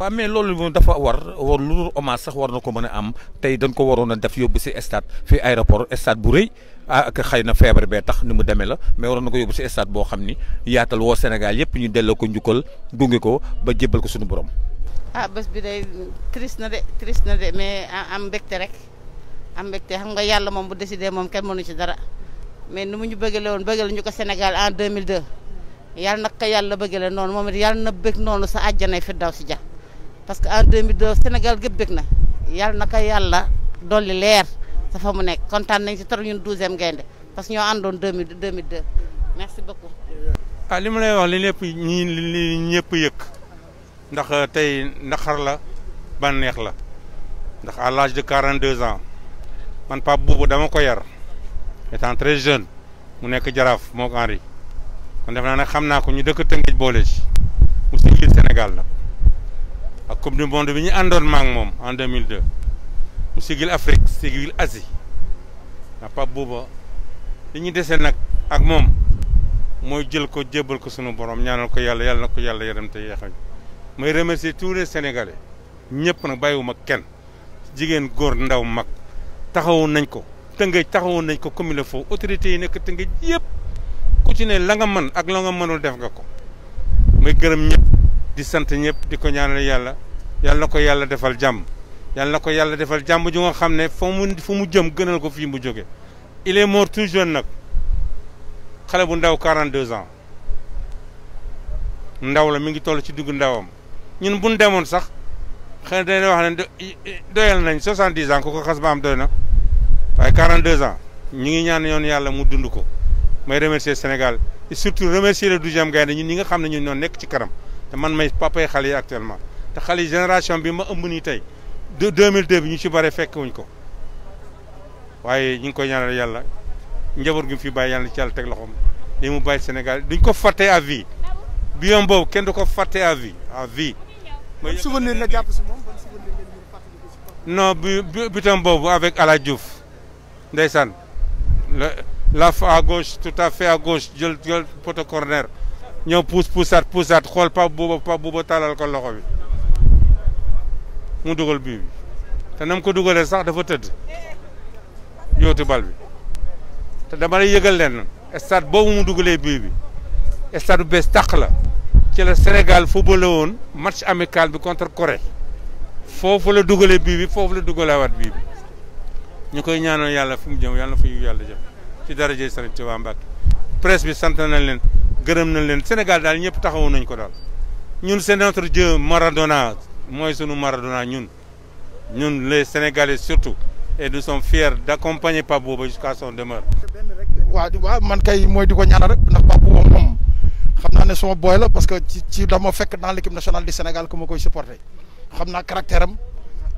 waaw mais loolu moom dafa war war lu hommage sax war na ko mën a am tey dañ ko waroon a def yóbbu si stade fii aéroport stade bu rëy ak xëy na feebar bee tax ni mu demee la mais waroon na ko yóbbu si stade boo xam ni yaatal woo Sénégal yëpp ñu delloo ko njukkal gunge ko ba jébbal ko suñu borom. ah bés bi day triste na de triste na de mais am mbégte rek am mbégte xam nga yàlla moom bu décidé moom kenn mënu ci dara mais nu mu ñu bëggale woon bëggale ñu ko Sénégal en 2002 yàlla nag ko yàlla bëggale noonu moom it yàlla na bëgg noonu sa àjjana fi daw si ja parce que en de Sénégal gépp bég na yàlla na ko yàlla dolli leer sa mu nekk kontaan nañ ci trop ñun douzième gaynde parce que ñoo àndoon 2000 2002 merci beaucoup. ah li ma lay wax li lépp ñi ñëpp yëkk ndax euh, tey naqar la bànneex la ndax à l'âge de 42 ans man Pape Boubou dama ko yar étant très jeune mu nekk jaraaf moo ko kon def naa ne xam naa ko ñu dëkk Tëngéej boole mu si Sénégal ak coupe du monde bi ñu àndoon maak moom en 2002 mu sigil Afrique sigil Asie ndax Pape Bouba li ñu dese nag ak moom mooy jël ko jébbal ko sunu borom ñaanal ko yàlla yàlla na ko yàlla yaram te yeexañ may remercier tous les sénégalais ñëpp nag bàyyiwuma kenn jigéen góor ndaw mag taxawoon nañ ko tëngéej taxawoon nañ ko comme il le faut autorités yi nekk tëngéej yëpp ku ci ne la nga mën ak la nga mënul def nga ko may gërëm ñëpp. di sant ñëpp di ko ñaanal yàlla yàlla na ko yàlla defal jàmm yàlla na ko yàlla defal jàmm ju nga xam ne fa mu fa mu jëm gënal ko fii mu jóge il est mort tout jeune nag xale bu ndaw 42 ans ndaw la mi ngi toll ci dugg ndawam ñun bu ñu demoon sax xëy na dañuy wax nañ doyal nañ 70 ans ko xas ba am doy na waaye 42 ans ñu ngi ñaan yoon yàlla mu dund ko may remercier Sénégal et surtout remercier le 12e Gaïndé ñun ñi nga xam ne ñun ñoo nekk ci kanam. te man may papay xale yi actuellement te xale yi génération bi ma ëmb nii tey de 2002 bi ñu ci bare fekk wuñ ko waaye ñu ngi koy ñaanal yàlla njaboot gi mu fi bàyyi yàlla ci yàlla teg loxoom li mu bàyyi Sénégal duñ ko fàtte à vie bi yoon boobu kenn du ko fàtte à vie à vie. mooy souvenir la jàpp si moom ban souvenir la ñu fàttali non bi bitam boobu avec Ala Diouf ndeysaan la la fa à gauche tout à fait à gauche jël jël poto corner. ñëw puus puusaat puusaat xool Pape Bouba Pape Bouba tàllal ko loxo bi mu dugal biibi te nam ko dugalee sax dafa tëdd yóotu bi te dama lay yëgal leen stade boobu mu dugalee bii bi stade bu bees tàq la ci la Sénégal footballé woon match amical bi contre Corée foofu la dugalee bii bi foofu la dugalewaat bii bi ñu koy ñaanal yàlla fu mu jëm yàlla na fa yàlla jëm ci daraje Sëriñ Tuubaa Mbàkke presse bi sant nañ leen gërëm nañ leen Sénégal daal ñëpp taxawu nañ ko daal ñun c'est notre Dieu Maradona mooy sunu Maradona ñun ñun les Sénégalais surtout et nous sommes fiers d'accompagner Pape Bouba jusqu'à son demeure. waaw waaw man kay mooy di ko ñaanal rek ndax Pape Bouba xam naa ne suma booy la parce que ci ci dama fekk dans l'équipe nationale di Sénégal que ma koy supporter xam naa caractère am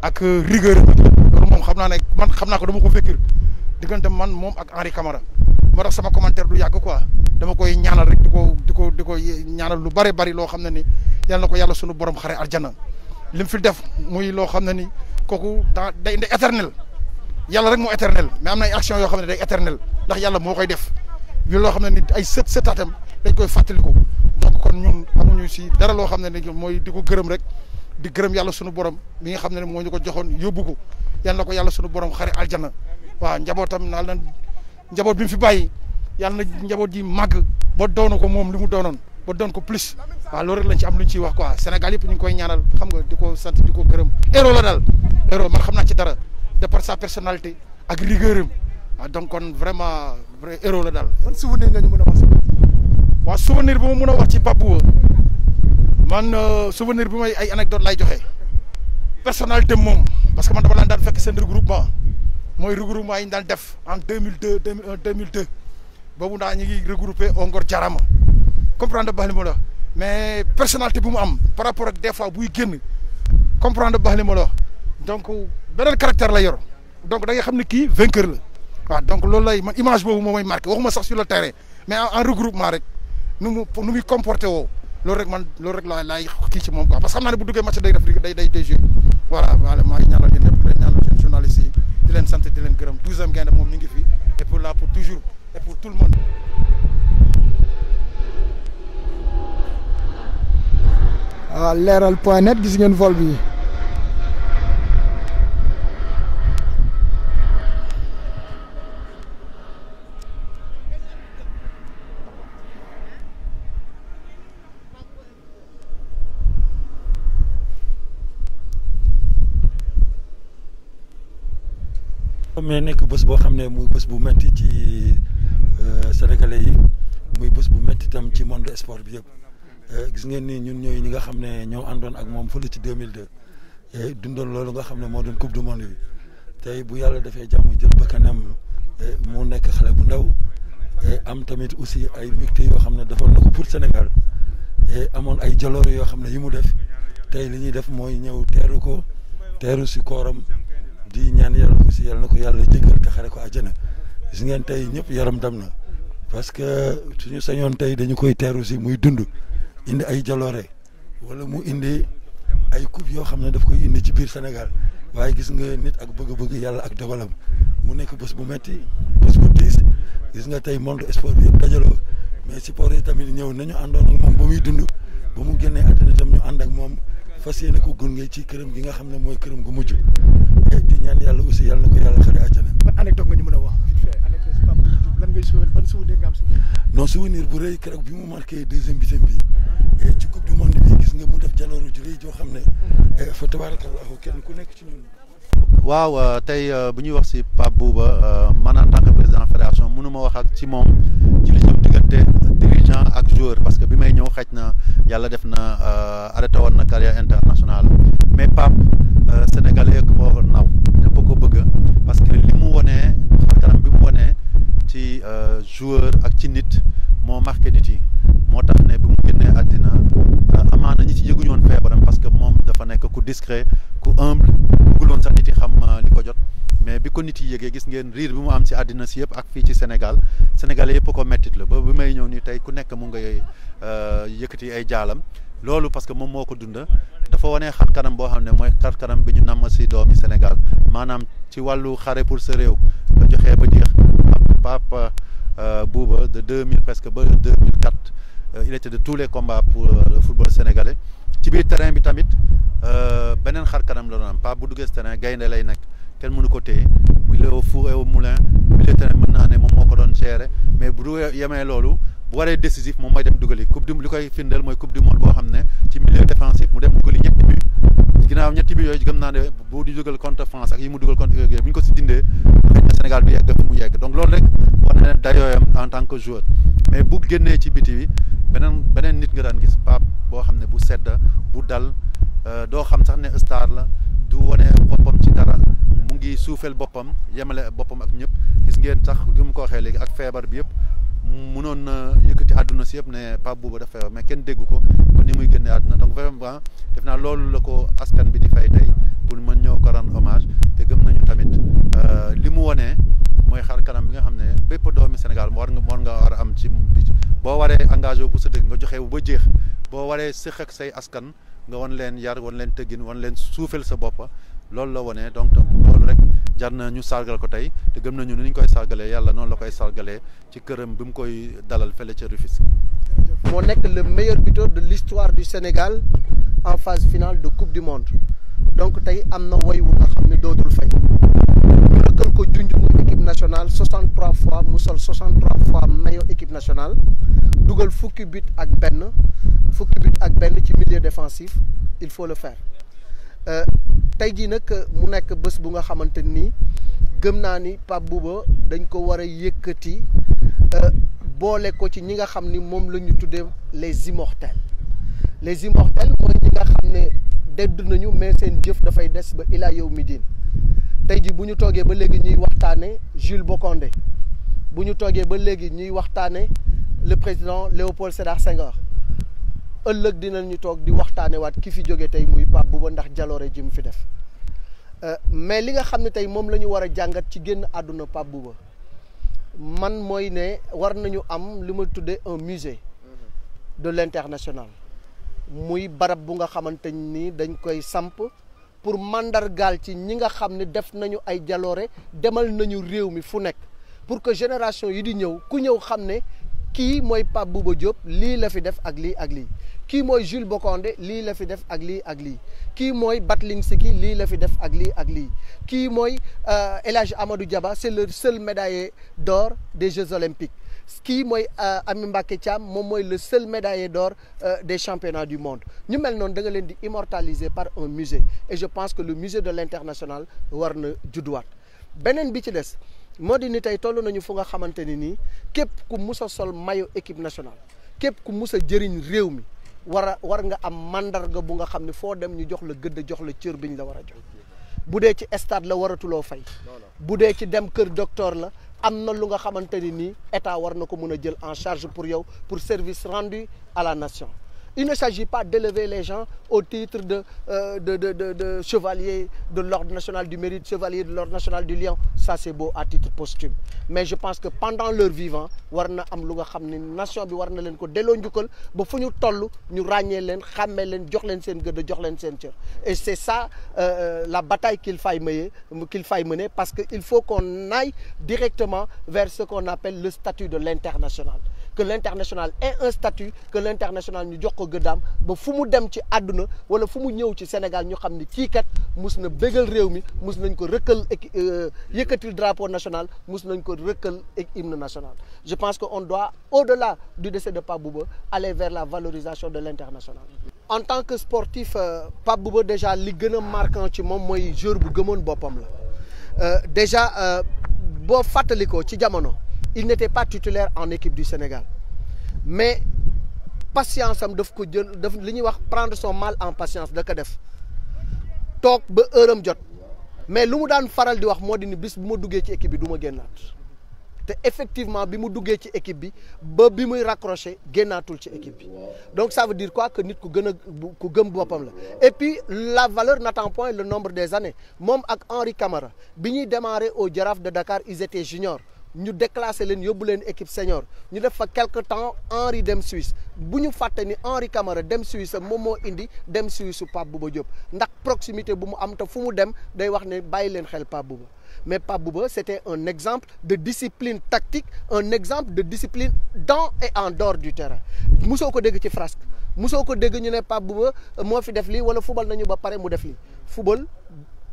ak euh, rigueur am xam naa ne man xam naa ko dama ko fekkir diggante man moom ak Henri kamara moo tax sama commentaire du yàgg quoi dama koy ñaanal rek di ko di ko di ko ñaanal lu bari bari loo xam ne ni yal na ko yàlla sunu borom xare aljana li mu fi def muy loo xam ne ni kooku daa day day éternel yàlla moo éternel mais am na ay yoo xam ne day éternel ndax yàlla moo koy def loo xam ne ni ay sët sëtaatam dañ koy fàttaliku donc kon ñun amuñu si dara loo xam ne ni mooy di ko gërëm rek di gërëm yàlla sunu borom mi nga xam ne moo ñu ko joxoon yóbbu ko yal na ko yàlla sunu borom xare aljana waaw njabootam naa leen njaboot bi fi bàyyi yàlla na njaboot ji màgg ba doon ko moom li mu doonoon ba doon ko plus waaw loolu rek lañ ci am lu ñu ciy wax quoi Sénégal yëpp ñu ngi koy ñaanal xam nga di ko sant di ko gërëm héros la daal héros man xam naa ci dara de par sa personnalité ak rigueur am waaw donc kon vraiment vrai héros la daal. ban souvenir nga ñu mën a wax. souvenir bi ma mën a wax ci Babou man euh, souvenir bi may ay anecdote lay joxe personnalité moom parce que man dama laan daan fekk seen groupement mooy regroupement yi ñu daan def en deux mille deux deux mille un deux mille deux boobu daa ñu ngi regroupé au Ngor Jarama comprendre baax ma la mais personnalité bu mu am par rapport ak des fois buy génn comprendre baax li ma la donc beneen caractère la yor donc da nga xam ne kii vainqueur la waaw donc loolu lay man image boobu moo may marqué ma sax sur le terrain mais en regroupement rek nu mu nu muy comporté woo. loolu rek loolu rek laa laay kii ci moom quoi parce que xam naa ne bu duggee match day def day day déjoué voilà voilà maa ngi ñaanal yéen ñëpp di leen ñaanal suñu journalistes yi di leen sant di leen gërëm douzième gaynde moom mi ngi fi et pour là pour toujours et pour tout le monde waaw ah, leeral point net gis ngeen vol bi mais nekk bés boo xam ne muy bés bu métti ci euh, sénégalais yi muy bés bu métti itam ci monde sport bi yëpp euh, gis ngeen ni ñun ñooy ñi nga xam ne ñoo andoon ak moom fële ci 2002 euh, dundoon loolu nga xam ne moo doon coupe du monde bi tey bu yàlla defee jàmm jël bakkanam mu nekk xale bu ndaw am tamit aussi ay mbégte yoo xam ne dafa na ko pour Sénégal amoon ay jaloore yoo xam ne yi mu def tey li ñuy def mooy ñëw teeru ko teeru si kooram di ñaan yàlla aussi yàlla na ko yàlla jéggal te xare ko àjjana gis ngeen tey ñëpp yaram dam na parce que suñu sañoon tey dañu koy teeru si muy dund indi ay jaloore wala mu indi ay coupe yoo xam ne daf koy indi ci biir Sénégal waaye gis nga nit ak bëgg-bëgg yàlla ak dogalam mu nekk bés bu metti bés bu tiis gis nga tey monde sport bi yëpp dajaloo mais sport yi tamit ñëw nañu àndoon ak moom ba muy dund ba mu génnee àddina tam ñu ànd ak moom fas yéene ko gunge ci këram gi nga xam ne mooy këram gu mujj di ñaan yàlla aussi yàlla na ko yàlla xare àjjana. ban anecdote nga ñu mën a wax vite fait anecdote bu rëy keroog bi mu marqué deuxième bitim bi eh, ci coupe du monde bi gis nga mu def jaloolu ju rëy joo xam ne eh, fa tabarakallahu kenn ku nekk ci ñun. waaw euh, tey euh, bu ñuy wax si Pape Bouba euh, man en tant président fédération mënu ma wax ak ci moom ci li diggante dirigeant ak joueur parce que bi may ñëw xaj na yàlla def na arrêté woon na carrière internationale mais Pape sénégalais parce que li mu wonee xarkanam bi mu wonee ci euh, joueur ak ci nit moo marqué nit yi moo tax ne bi mu génnee àddina euh, amaana ñi ci yëguñu woon feebaram parce que moom dafa nekk ku discret ku humble bëgguloon sax nit yi xam euh, li ko jot mais bi ko nit yi yëgee gis ngeen riir bi mu am ci àddina si yëpp ak fii ci Sénégal sénégalais yëpp ko mettit la ba bi may ñëw nii tey ku nekk mu ngay yëkkati ay jaalam loolu parce que moom moo ko dunda dafa wane xar boo xam ne mooy xar kanam bi ñu namm si doomi Sénégal maanaam ci wàllu xare pour sa réew nga joxee ba jeex Papa euh, Bouba de 2000 presque ba 2004 euh, il était de tous les combats pour euh, le football sénégalais ci biir terrain bi tamit beneen xar kanam la doon am bu duggee si gaynde lay nekk ten mënu ko téye muy le four et au moulin mën naa ne moom moo ko doon gérer mais bu du yemee loolu. bu waree décisif moom mooy dem dugal yi coupe du li koy firndeel mooy monde boo xam ne ci milieu défensif mu dem dugal ñetti but ginnaaw ñetti but yooyu gëm naa ne bu di dugal contre France ak yi mu dugal contre yooyu bu ñu ko si dindee Sénégal du yegg mu yegg donc loolu rek war na dayooyam en tant que joueur mais bu génnee ci biti bi beneen beneen nit nga daan gis Pape boo xam ne bu sedd bu dal euh, doo xam sax ne star la du wane boppam ci dara mu ngi suufeel boppam yemale boppam ak ñëpp gis ngeen sax mu ko waxee léegi ak feebar bi yëpp mënoon na euh, yëkkati àdduna si yëpp ne Pape Bouba dafa feebar mais kenn dégg ko ba ni muy génnee àdduna donc vraiment def naa loolu la ko askan bi di fay tey pour mën ñëw ko rendre hommage te gëm nañu tamit euh, li mu wone mooy xar kanam bi nga xam ne bépp doomi Sénégal war nga war nga war a am ci boo waree engagé bu pour sa dëkk nga joxe wu ba jeex boo waree sëq say askan nga won leen yar won leen tëggin wan leen suufel sa boppa loolu la wone donc loolu rek jar naa ñu sargal ko tey te gëm nañu ni ñu koy sargalee yàlla noonu la koy sargalee ci këram bi mu koy dalal fële ci Rufisque. moo nekk le meilleur buteur de l'histoire du Sénégal en phase finale de coupe du monde donc tey am na woy wu nga xam ne dootul fay ñu rëkkal ko junj mu équipe nationale 63 fois mu sol 63 fois maillot équipe nationale dugal fukki but ak benn fukki but ak benn ci milieu défensif il faut le faire. tey jii nag euh, mu nekk bés bu nga xamante ni gëm naa ni Pape Bouba dañ ko war a yëkkati euh, boole ko ci ñi nga xam ni moom la ñu tuddee les immortels les immortels mooy ñi nga xam ne dedd nañu mais seen jëf dafay des ba ilaa yow mi diin tey jii bu ñu toogee ba léegi ñuy waxtaane Jules Bocandé bu ñu toogee ba léegi ñuy waxtaane le président Léopold Sédar Senghor ëllëg dinañu toog di waat ki fi jóge tey muy Pape Bouba ndax jaloore ji mu fi def euh, mais li nga xam ne tey moom la ñu war a jàngat ci génn àdduna Pape Bouba man mooy ne war nañu am li ma tuddee un musée de l'international muy barab bu nga xamante ni dañ koy samp pour mandargaal ci ñi nga xam ne def nañu ay jaloore demal nañu réew mi fu nekk pour que génération yi di ñëw ku ñëw xam ne kii mooy Pape Bouba Diop lii la fi def ak lii ak lii kii mooy Jules bokonde lii la fi def ak lii ak lii kii mooy Battling Siki lii la fi def ak lii ak lii kii mooy euh, El Hadj Amadou Diaba c'est le seul médaillé d'or des Jeux olympiques kii mooy euh, Ami Mbacké Thiam moom mooy le seul médaillé d'or euh, des championnats du monde ñu mel noonu da nga leen di immortaliser par un musée et je pense que le musée de l'international war na judduwaat beneen bi ci des moo di ni tey toll nañu fu nga xamante ni nii képp ku musa a sol maillot équipe nationale képp ku mus a jëriñ réew mi war a war nga am màndarga bu nga xam ne foo dem ñu jox la gëdd jox la cër bi biñ la war a jox bu dee ci stade la waratuloo fay bu dee ci dem kër doctor la am na lu nga xamante ni nii état war na ko mën a jël en charge pour yow pour service rendu à la nation Il ne s'agit pas d'élever les gens au titre de, euh, de, de, de, chevalier de l'Ordre national du mérite, chevalier de l'Ordre national du lion. Ça, c'est beau à titre posthume. Mais je pense que pendant leur vivant, war na am lu nga xam ne nation bi war na leen ko delloo njukkal ba fu ñu toll ñu ràññee leen xàmmee leen jox leen seen gëdd jox leen seen cër. Et c'est ça euh, euh la bataille qu'il faille mener, qu'il faille mener parce que il faut qu'on aille directement vers ce qu'on appelle le statut de l'international. que l'international ait un statut que l'international ñu jox ko gëddaam ba fu mu dem ci àdduna wala fu mu ñëw ci Sénégal ñu xam ni kii kat mus na bégal réew mi mus nañ ko rëkkal euh, yëkkatil drapeau national mus nañ ko rëkkal hymne national je pense que on doit au-delà du décès de Pape Bouba aller vers la valorisation de l'international en tant que sportif euh, Pape Bouba déjà li gën a marquant ci moom mooy joueur bu gëmoon boppam la euh, déjà boo fàttalikoo ci jamono il n'était pas titulaire en équipe du Sénégal mais patience am daf ko jël daf li ñuy wax prendre son mal en patience da ko def toog ba heure am jot mais lu mu daan faral di wax moo di ni bis bu ma duggee ci équipe bi du ma génnaat te effectivement bi mu duggee ci équipe bi ba bi muy raccroché génnaatul ci équipe bi donc ça veut dire quoi que nit ku gën a ku gëm boppam la et puis la valeur n'attend point le nombre des années moom ak Henri Camara bi ñuy démarré au Jaraaf de Dakar ils étaient ñu déclassé leen yóbbu leen équipe senior ñu def fa quelque temps Henri dem Suisse bu ñu fàtte ni Henri Camara dem Suisse moom moo indi dem Suisse Pape Bouba Diop ndax proximité bu mu am te fu mu dem day wax ne bàyyi leen xel Pape Bouba mais Pape Bouba c'était un exemple de discipline tactique un exemple de discipline dans et en dor du terrain musoo ko dégg ci frasque musoo ko dégg ñu ne Pape Bouba moo fi def lii wala fubal nañu ba pare mu def lii fubal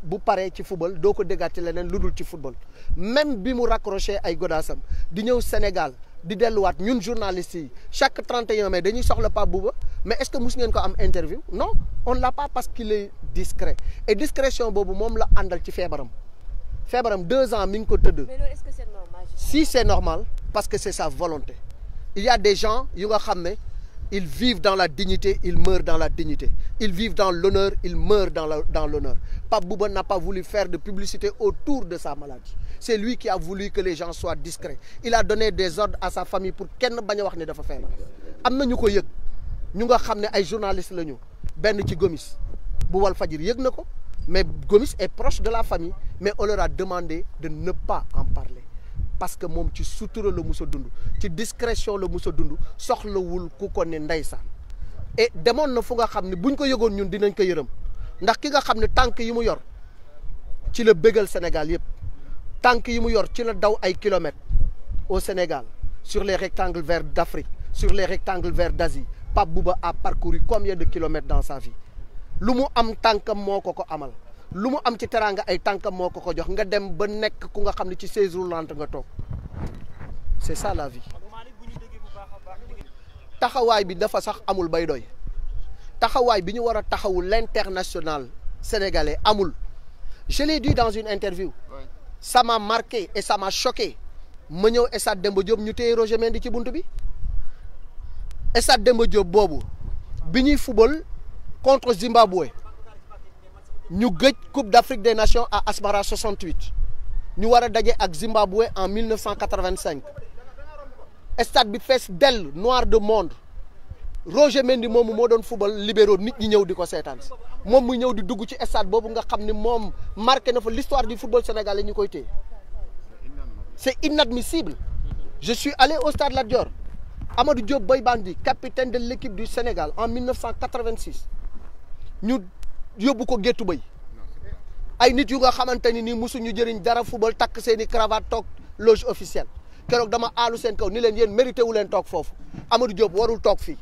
bu paree ci football doo ko déggaat ci leneen lu dul ci football même bi mu raccroché ay godaasam di ñëw Sénégal di delluwaat ñun journalistes yi chaque 31 mai dañuy soxla Pape Bouba mais est-ce que mus ngeen ko am interview non on l'a pas parce que est discret et discrétion boobu moom la àndal ci feebaram feebaram deux ans mi ngi ko tëdd. mais loolu est-ce si c'est normal parce que c'est sa volonté il y a des gens yu nga xam ne. ils vive dans la dignité, ils meurent dans la dignité. Ils vivent dans l'honneur, ils meurent dans l'honneur. Pape Bouba n'a pas voulu faire de publicité autour de sa maladie. C'est lui qui a voulu que les gens soient discrets. Il a donné des ordres à sa famille pour qu'elle ne bañ a wax ne dafa feebar. am na ñu ko yëg ñu nga xam ne ay journalistes la ñu benn ci Gomis bu Walfadjri yëg na ko mais Gomis est proche de la famille mais on leur a demandé de ne parce que moom ci sutura la mus a dund ci discrétion la mus a dund soxlawul ku ko ne ndeysaan et demoon na fu nga xam ne buñ ko yëgoon ñun dinañ ko yërëm ndax ki nga xam ne tànk yi mu yor ci la bégal Sénégal yëpp tànk yi mu yor ci la daw ay kilomètres au Sénégal sur les rectangles verts d'Afrique sur les rectangles verts d'Asie Pape Bouba a parcouru combien de kilomètres dans sa vie lu mu am tànkam moo ko ko amal lu mu am ci teraanga ay tànkam moo ko ko jox nga dem ba nekk ku nga xam ne ci chaise roulante nga toog c'est ça la vie taxawaay bi dafa sax amul bay doy taxawaay bi ñu war a taxawu l'international sénégalais amul je l'ai dit dans une interview ça m'a marqué et ça m'a ma ñëw Stade Demba Diop ñu téye Roger Mendy ci bunt bi Stade Demba Diop boobu bi ñuy football contre Zimbabwe ñu gëj coupe d'Afrique des nations à Asmara 68 ñu war a daje ak Zimbabwe en 1985 stade bi fees dell noir de monde Roger Mendy moomu moo doon football libéraux nit ñi ñëw di ko seetaan moom muy ñëw di dugg ci stade boobu nga xam ne moom marqué na fa l'histoire du football sénégalais ñu koy téye c'est inadmissible je suis allé au stade Lat Dior Amadou Diop Boy Bandi capitaine de l'équipe du Sénégal en 1986 ñu yóbbu ko géttu bay ay nit yu nga xamante ni nii mosuñu jëriñ dara football takk seeni i cravate toog loge officielle keroog dama aalu seen kaw ni leen yéen mérité wu leen toog foofu Amadou Diop warul toog fii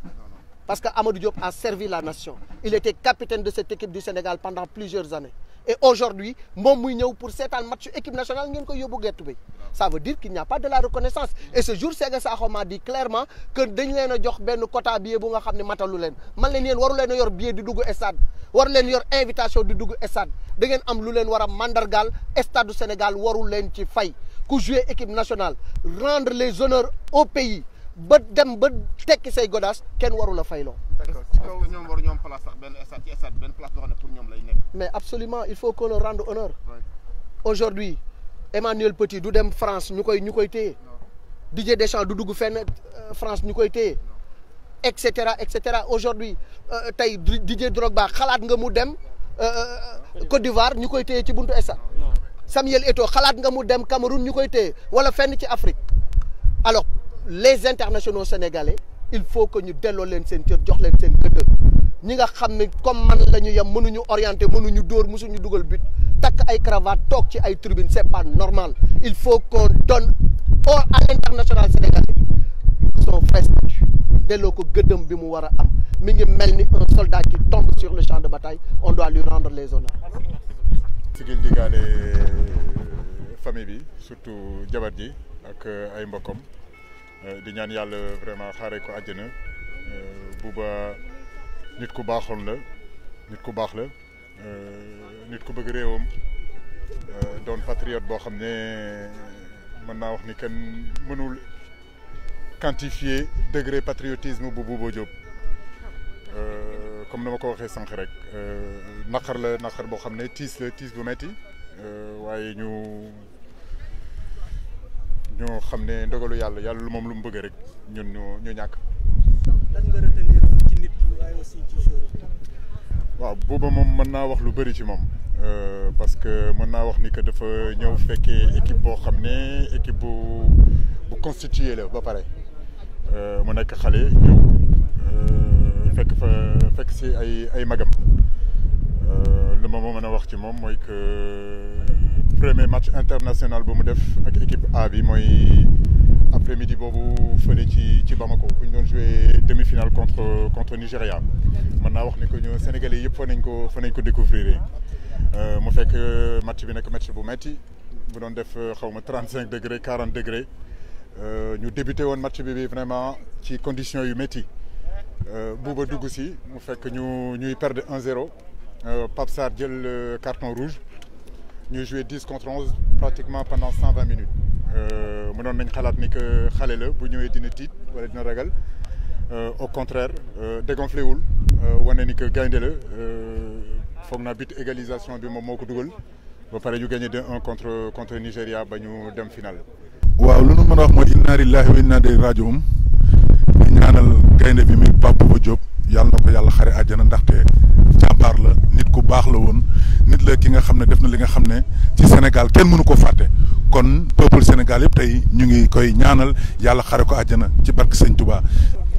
parce que Amadou Diop a servi la nation il était capitaine de cette équipe du Sénégal pendant plusieurs années et aujourd'hui moom muy ñëw pour seetaan match équipe nationale ngeen koy yóbbu gertu bay ça veut dire qu'il n'y a pas de la reconnaissance et ce jour Sega Sakho m'a dit clairement que dañ leen a jox benn quota billet bu nga xam ne matalu leen man leen yéen waru leen a yor billet di dugg stade waru leen yor invitation di dugg stade da ngeen am lu leen war a mandargaal stade Sénégal waru leen ci fay ku jouer équipe nationale rendre les honneurs au pays ba dem ba tekki say godaas kenn waru la fayloo d'accord ci kaw ñoom war ñoom place sax benn stade ci stade benn place boo xam ne pour ñoom lay nekk. mais absolument il faut qu'on honneur. aujourd'hui Emmanuel Petit du dem France ñu koy ñu koy téye. Didier Deschamps du dugg fenn euh, France ñu koy téye. et cetera et cetera aujourd'hui euh, tey Didier Drogba xalaat nga mu dem euh, Côte d'Ivoire ñu koy téye ci buntu stade. Samuel Eto'o xalaat nga mu dem Cameroun ñu koy téye wala fenn ci Afrique alors les internationaux sénégalais. il faut que ñu delloo leen seen cër jox leen seen gëdd ñi nga xam ne comme man la ñu yem mënuñu orienté mënuñu dóor mësuñu dugal bi takk ay cravate toog ci ay tribune c'est pas normal il faut qu'on donne au à l'international sénégalais son vrai delloo ko gëddam bi mu war a am mu ngi mel ni un soldat qui tombe sur le champ de bataille on doit lui rendre les honneurs sigil digaale euh, famille bi surtout jabar ji ak euh, ay mbokkam Euh, di ñaan yàlla vraiment xaaree ko àjjana euh, Bouba nit ku baaxoon la nit ku baax la euh, nit ku bëgg réewam doon patriote boo xam ne mën naa wax ni kenn mënul quantifier degré patriotisme bu Bouba Diop comme na ma ko waxee sànq rek naqar la naqar boo xam ne tiis la tiis bu metti waaye ñu ñoo xam ne ndogalu yàlla yàlla lu moom lu mu bëgg rek ñun ñu ñu ñàkk. lan waaw booba moom mën naa wax lu bëri ci moom. Euh, parce que mën naa wax ni que dafa ñëw fekkee équipe boo xam ne équipe bu bu constituée la ba pare euh, mu nekk xale euh, fekk fa fekk si ay ay magam lu ma mën a wax ci moom mooy que. premier match international bu mu def ak équipe A bi mooy après midi boobu fële ci ci Bamako bu ñu doon joué demi-finale contre Nigéria mën naa wax ni que ñu Sénégalais yëpp fa nañ ko fa nañ ko découvrir euh, mu fekk euh, match bi nekk match bu metti bu doon def euh, xaw ma trente cinq degré quarante degré ñu débuté woon match bi vraiment ci conditions yu métti buuba dugg si mu fekk ñu ñuy perdre un zéro Pape jël carton rouge ñu joué dix contre onze pratiquement pendant cent vingt euh, mënoon nañ xalaat ni que xale la bu ñëwee dina tiit wala dina ragal euh, au contraire euh, dégonflé wul wane ni que gaynde la foog naa but égalisation bi moom moo ko dugal ba pare ñu gagné 2-1 contre contre ba ñu dem final. waaw lu nu mën a wax mooy inna lillahi wa inna ilayhi raji'un di ñaanal gaynde bi muy Pape Bouba Diop yàlla na ko yàlla xare àjjana ndaxte jàmbaar la nit ku baax la woon. nit la ki nga xam ne def na li nga xam ne ci Sénégal kenn mënu ko fàtte kon peuple Sénégal yëpp tey ñu ngi koy ñaanal yàlla xare ko àjjana ci barke Sëñ Touba.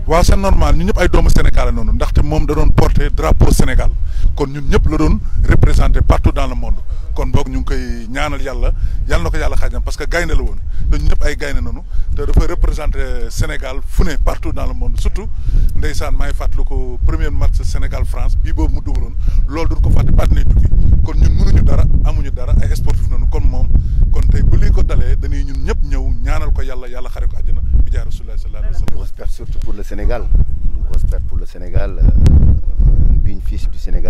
waaw c'est normal ñu ñëpp ay doomu Sénégal la noonu ndaxte moom da doon porter drapeau Sénégal kon ñun ñëpp la doon représenté partout dans le monde kon boog ñu ngi koy ñaanal yàlla yàlla na ko yàlla xaajam parce que gaynde la woon te ñun ñëpp ay gaynde noonu te dafa représenté Sénégal fu ne partou dans le monde surtout ndeysaan maa ngi fàttaliku premier match Sénégal France bii boobu mu dugaloon loolu duñ ko fàtte partenaire yàlla yàlla xare ko àjjana bi jaay rasulullah sallallahu alayhi wa sallam grosse perte surtout pour le Sénégal grosse perte pour le Sénégal une digne fils du Sénégal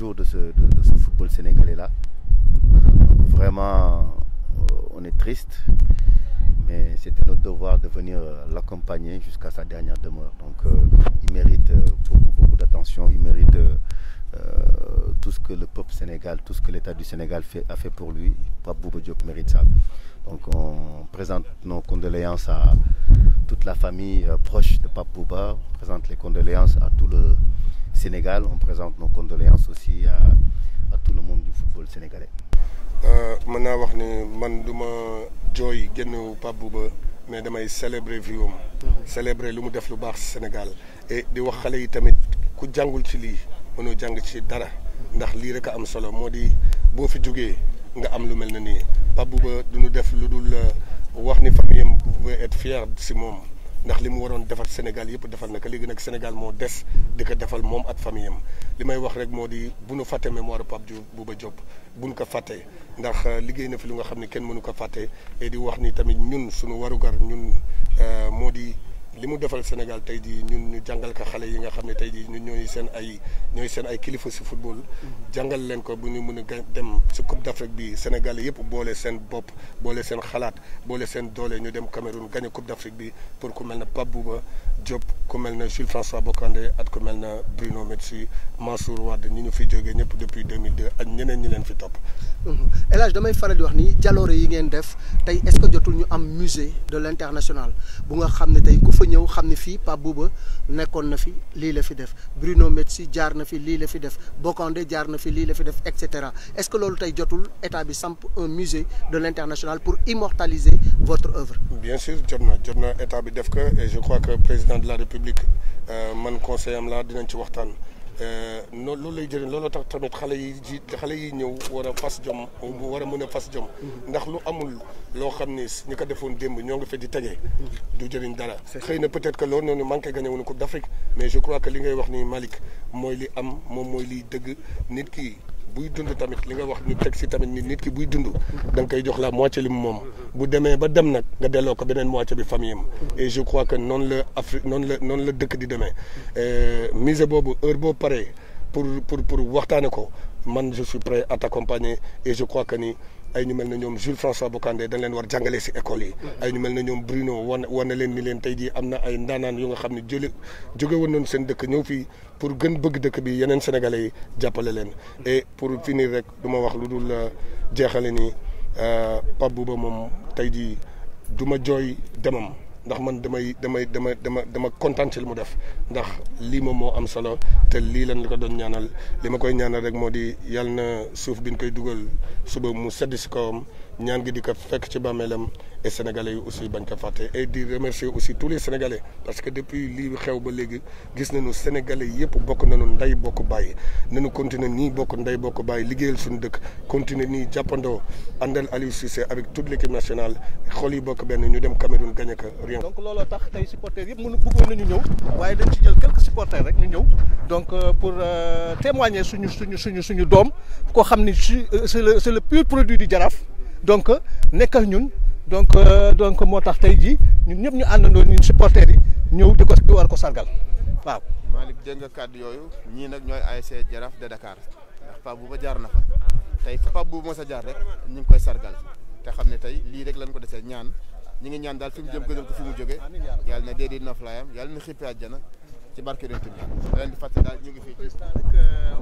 jour de ce, de, de ce football sénégalais-là. Vraiment, euh, on est triste, mais c'était notre devoir de venir euh, l'accompagner jusqu'à sa dernière demeure. Euh, il mérite beaucoup, d'attention, il mérite tout ce que le peuple sénégal, tout ce que l'État du Sénégal fait, a fait pour lui. Pape Bouba Diop mérite ça. Donc, on présente nos condoléances à toute la famille proche de Pape Bouba, on présente les condoléances à tout le Sénégal. On présente nos condoléances aussi à, à tout le monde du football sénégalais. Euh, mën naa wax ne man du ma jooy génn Pape Bouba mais damay célébrer vie am célébrer lu mu def lu baax Sénégal et di wax xale yi tamit ku jàngul ci lii mënoo jàng ci dara ndax lii rek a am solo moo di boo fi jógee nga am lu mel na ni Pape Bouba du ñu def lu dul euh, wax ni famille am vous pouvez être si moom ndax li mu waroon defal Sénégal yëpp defal na ko léegi nag Sénégal moo des di ko defal moom ak famille am li may wax rek moo di bu nu fàtte mémoire Pape Diop Bouba bu buñ ko fàttee ndax euh, liggéey na fi lu nga xam ne kenn mënu ko fàtte et di wax ni tamit ñun suñu warugar ñun euh, moo di. li mu defal Sénégal tey jii ñun ñu jàngal ko xale yi nga xam ne tey jii ñu ñooy seen ay ñooy seen ay kilifa si football. Mhm. jàngal leen ko bu ñu mun a dem si Coupe d'Afrique bi Sénégal yëpp boole seen bopp boole seen xalaat boole seen doole ñu dem Cameroun gagné Coupe d'Afrique bi pour ku mel ne Pape Bouba Diop ku mel ne Jules François Bocandé at ku mel ne Bruno Metsu Mansour Wade ñi ñu fi jógee ñëpp depuis 2002 ak ñeneen ñi leen fi topp. Mhm. El Hadj damay faral yi ngeen de l'international bu nga xam ne ñëw xam ne fii Pape Bouba nekkoon na fi lii la fi def Bruno Metsu jaar na fi lii la fi def Bocandé jaar na fi lii la fi def et cetera est-ce que loolu tey jotul état bi samp un musée de l'international pour immortaliser votre œuvre. bien sûr jot na jot na état bi def ko et je crois que président de la république euh, man conseil am laa dinañ ci waxtaan. Euh, noonu loolu lay jëriñ looloo tax tamit xale yi ji xale yi ñëw war a fas jom war a mën a fas jom mhm. ndax lu amul loo xam ni ñi ko defoon démb ñoo ngi fi di tegee mhm. du jëriñ dara xëy na peut-être que loolu noonu manqué gagné woon Coupe d'Afrique mais je crois que li ngay wax ni Malick mooy li am moom mooy li dëgg nit ki buy dund tamit li nga wax ni teg si tamit nit nit ki buy dund danga nga koy jox la moitié li mu moom bu demee ba dem nag nga delloo ko beneen moitié bi famille am et je crois que noonu la Afrique noon la noon la dëkk di demee euh, musée boobu heure boo paree pour pour pour waxtaane ko man je suis prêt à t'accompagner et je crois que ni ay ñu mel na ñoom Jules François Bocandé dañ leen war jàngale si école yi ay ñu mel ne ñoom Bruno wan war na leen ni leen tey ji am na ay ndaanaan yu nga xam ne jële jóge woon nañu seen dëkk ñëw fii pour gën bëgg dëkk bi yeneen sénégalais yi jàppale leen et pour finir rek du ma wax lu dul euh, jeexale ni euh, pab Bouba moom tey jii duma jooy demam ndax man damay damay dama dama dama kontaan ci mu def ndax lii moom moo am solo te lii lan la ko doon ñaanal li ma koy ñaanal rek moo di yàlla na suuf bi ñu koy dugal suba mu sedd si kawam. ñaan gi di ko fekk ci bàmmeelam et sénégalais yi aussi bañ ko fàtte et di remercier aussi tous les sénégalais parce que depuis lii xew ba léegi gis nañu sénégalais yëpp bokk nañu nday bokk bàyyi nañu continuer nii bokk nday bokk bàyyi liggéeyal suñu dëkk continuer ni jàppandoo àndal Aliou Cissé avec toute l' nationale xol yi bokk benn ñu dem Cameroun gagné ko rien. donc looloo tax tey supporters yëpp mënu bëggoon nañu ñëw waaye dañ ci jël quelques supporters euh, euh, suñu suñu suñu suñu doom koo xam ni euh, c'est le pur produit du Jaraaf donc nekkal ñun donc euh, donc moo tax tey jii ñun ñëpp ñu àndandoo ñun supporters yi ñëw di ko di war ko sargal waaw. maa dégg nga kàddu yooyu ñii nag ñooy ASC Jaraaf de Dakar ndax Pape Bouba jaar na fa tey Pape Bouba mos a jaar rek ñu ngi koy sargal te xam ne tey lii rek lañ ko desee ñaan ñi ngi ñaan daal fi mu jëm gënal ko fi mu jóge yàlla na dee di noflaayam yàlla na xippi àjjana ci barke Yonent bi leen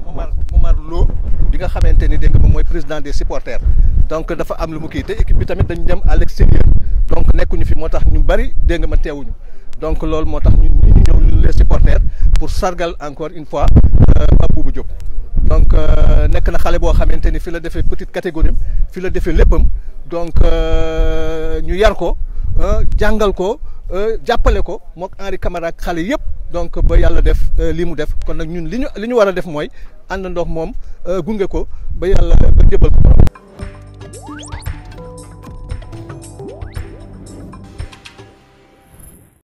euh, Lo bi nga xamante ni dégg nga moom mooy président des supporters donc dafa am lu mu kii te équipe bi tamit dañu dem à l'extérieur donc nekkuñu fi moo tax ñu bari dégg nga ma teewuñu donc loolu moo tax ñu ñëw les supporters pour sargal encore une fois euh, Pape Boubou Diop. donc euh, nekk na xale boo xamante ni fi la defee petite catégorie fi la defee léppam donc ñu yar ko jàngal ko jàppale ko mook Henri Camara ak xale yëpp. donc ba yàlla def euh, li mu def kon nag ñun li ñu li ñu war a def mooy ànd ndox moom euh, gunge ko ba yàlla ba jébbal ko